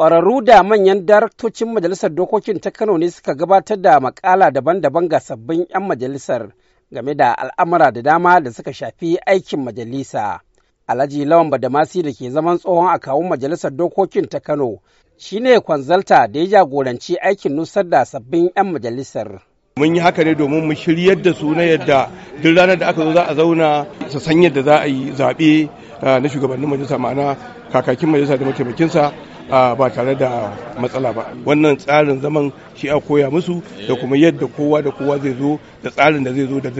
Ƙwararru da manyan daraktocin Majalisar Dokokin ta Kano ne suka gabatar da makala daban-daban ga sabbin 'yan majalisar game da al'amura da dama da suka shafi aikin majalisa. Alhaji Lawan Badamasi da ke zaman tsohon akawun Majalisar Dokokin ta Kano shi ne kwanzalta da ya jagoranci aikin nusar da sabbin 'yan majalisar. Mun yi haka ne domin mu shiryar da su na yadda duk ranar da aka zo za a zauna su san yadda za a yi zaɓe eh, na shugabannin majalisa ma'ana kakakin majalisa da mataimakinsa ba tare da matsala ba wannan tsarin zaman shi a koya musu da kuma yadda kowa da kowa zai zo da tsarin da zai zo da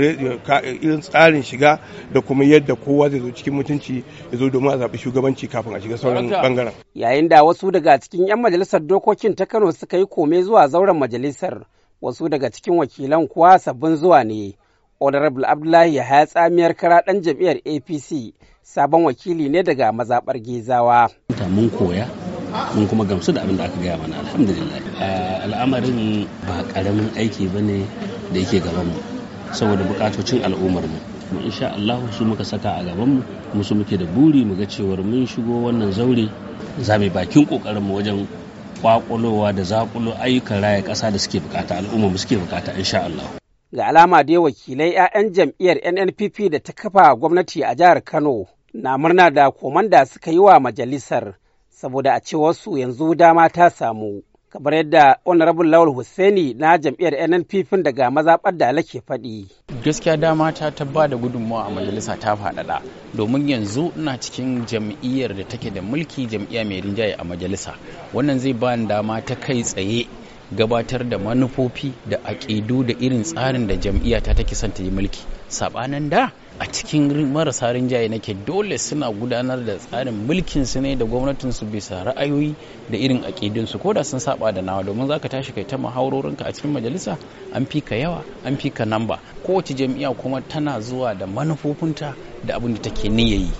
irin tsarin shiga da kuma yadda kowa zai zo cikin mutunci ya zo domin a zaɓi shugabanci kafin a shiga sauran bangaren yayin da wasu daga cikin 'yan majalisar dokokin ta kano suka yi kome zuwa zauren majalisar wasu daga cikin wakilan kuwa sabbin zuwa ne honorable abdullahi ya tsamiyar kara dan jam'iyyar apc sabon wakili ne daga mazaɓar gezawa mun koya mun kuma gamsu da abin da aka gaya mana alhamdulillah al'amarin ba karamin aiki ba ne da yake gabanmu saboda bukatocin al'ummar mu mu insha Allah su muka saka a gaban mu musu muke da buri mu ga cewar mun shigo wannan zaure za mu bakin kokarin mu wajen kwakulowa da zakulo ayyukan raya kasa da suke bukata al'umma mu suke bukata insha Allah ga alama dai wakilai 'ya'yan jam'iyyar NNPP da ta kafa gwamnati a jihar Kano na murna da komanda suka yi wa majalisar saboda a cewarsu yanzu dama ta samu kamar yadda honorable lawal hussaini na jam'iyyar nnpp daga maza da alake faɗi gaskiya dama ta tabba da gudunmawa a majalisa ta faɗaɗa domin yanzu ina cikin jam'iyyar da take da mulki jam'iyya mai rinjaye a majalisa wannan zai ba dama ta kai tsaye gabatar da manufofi da aƙidu da irin tsarin da jam'iyya ta take son ta yi mulki saɓanin da a cikin marasa rinjaye nake dole suna gudanar da tsarin mulkin su ne da gwamnatin su bisa ra'ayoyi da irin akidun su koda sun saba da nawa domin zaka tashi kai ta muhaurorin ka a cikin majalisa an fi ka yawa an fi ka namba kowace jam'iyya kuma tana zuwa da manufofinta da abin da take niyyayi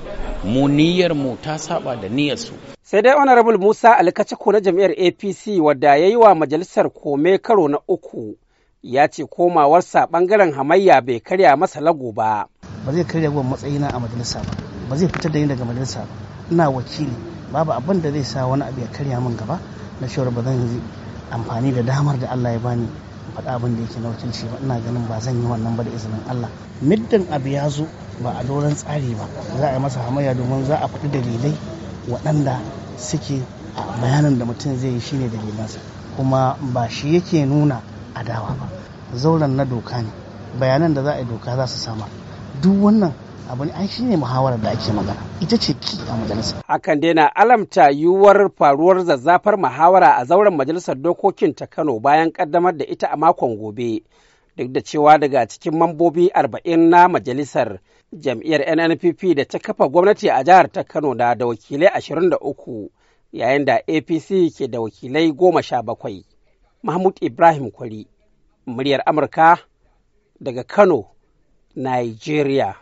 mu niyyar mu ta saba da niyyar su sai dai honorable Musa alkaci ko na jam'iyyar APC wadda yayi wa majalisar kome karo na uku ya ce komawarsa bangaren hamayya bai karya masa lago ba ba zai karya gwan matsayina a majalisa ba ba zai fitar da ni daga majalisa ba ina wakili babu abin da zai sa wani abu ya karya min gaba na shawar ba zan yi amfani da damar da Allah ya bani faɗa abin da yake na wakilci ba ina ganin ba zan yi wannan ba da izinin Allah Middan abu ya zo ba a doron tsari ba za a yi masa hamayya domin za a faɗi dalilai waɗanda suke a bayanin da mutum zai yi shine dalilansa kuma ba shi yake nuna adawa ba zauren na doka ne bayanan da za a yi doka za su sama. duk wannan abu ne an shi ne muhawarar da ake magana ita ce ki a majalisa. Hakan dai na alamta yiwuwar faruwar zazzafar muhawara a zauren majalisar dokokin ta Kano bayan kaddamar da ita a makon gobe. Duk da cewa daga cikin mambobi arba'in na majalisar jam'iyyar NNPP da ta kafa gwamnati a jihar ta Kano na da wakilai ashirin da uku yayin da APC ke da wakilai goma sha bakwai. Mahmud Ibrahim Kwari, muryar Amurka daga Kano. Nigeria.